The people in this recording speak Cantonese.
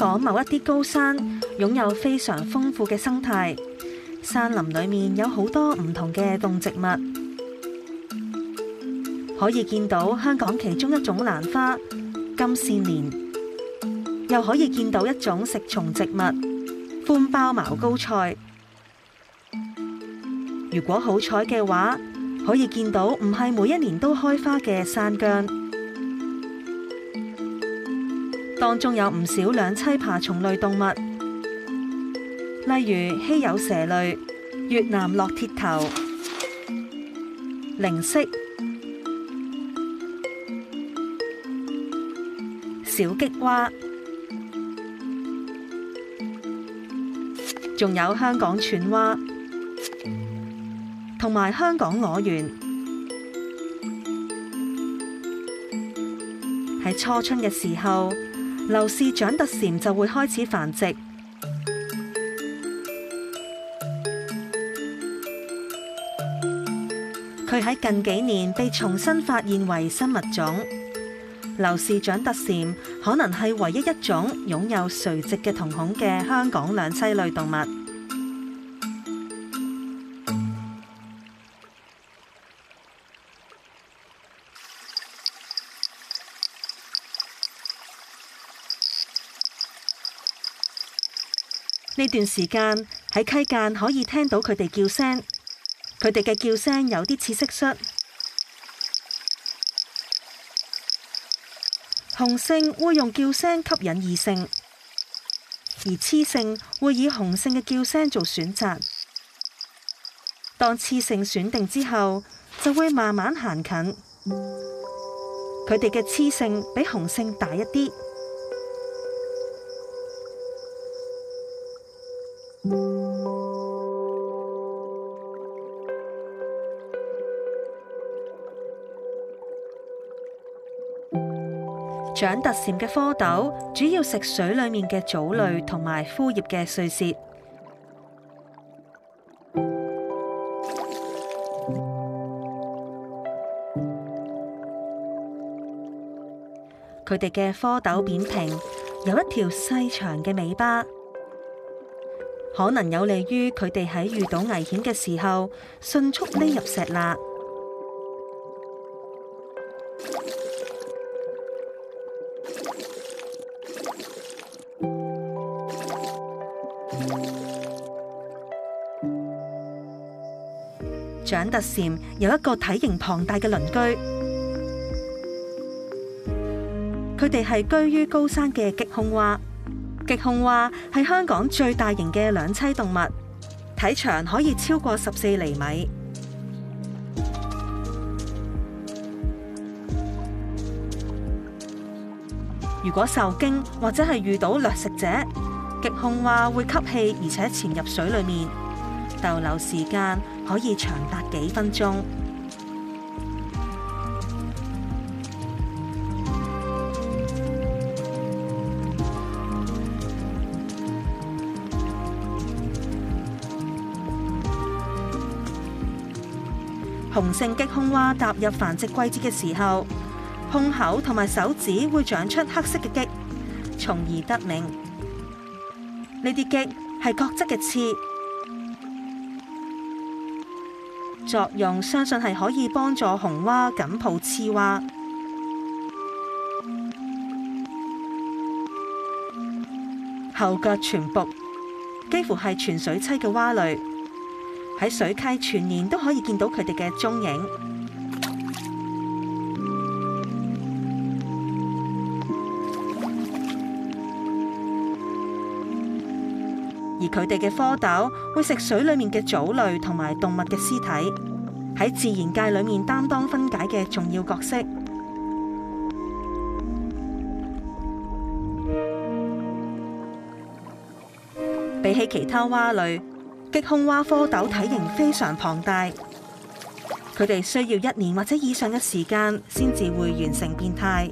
港某一啲高山擁有非常豐富嘅生態，山林裏面有好多唔同嘅動植物，可以見到香港其中一種蘭花金線蓮，又可以見到一種食蟲植物寬苞茅膏菜。如果好彩嘅話，可以見到唔係每一年都開花嘅山薑。當中有唔少兩棲爬蟲類動物，例如稀有蛇類、越南烙鐵頭、靈蜥、小棘蛙，仲有香港湍蛙，同埋香港瘰螈，喺初春嘅時候。劉氏掌突蟾就會開始繁殖，佢喺近幾年被重新發現為新物種。劉氏掌突蟾可能係唯一一種擁有垂直嘅瞳孔嘅香港兩棲類動物。呢段時間喺溪澗可以聽到佢哋叫聲，佢哋嘅叫聲有啲似蟋蟀。雄性會用叫聲吸引異性，而雌性會以雄性嘅叫聲做選擇。當雌性選定之後，就會慢慢行近。佢哋嘅雌性比雄性大一啲。掌突蟾嘅蝌蚪主要食水裏面嘅藻類同埋枯葉嘅碎屑。佢哋嘅蝌蚪扁平，有一條細長嘅尾巴。可能有利於佢哋喺遇到危險嘅時候，迅速匿入石罅。掌突蟾有一個體型龐大嘅鄰居，佢哋係居於高山嘅棘胸蛙。棘胸蛙係香港最大型嘅兩棲動物，體長可以超過十四厘米。如果受驚或者係遇到掠食者，棘胸蛙會吸氣，而且潛入水裏面，逗留時間可以長達幾分鐘。雄性棘胸蛙踏入繁殖季節嘅時候，胸口同埋手指會長出黑色嘅棘，從而得名。呢啲棘係角質嘅刺，作用相信係可以幫助雄蛙緊抱雌蛙。後腳全蹼，幾乎係全水棲嘅蛙類。喺水溪全年都可以見到佢哋嘅蹤影，而佢哋嘅蝌蚪會食水裡面嘅藻類同埋動物嘅屍體，喺自然界裡面擔當分解嘅重要角色。比起其他蛙類。棘胸蛙蝌蚪體型非常龐大，佢哋需要一年或者以上嘅時間先至會完成變態。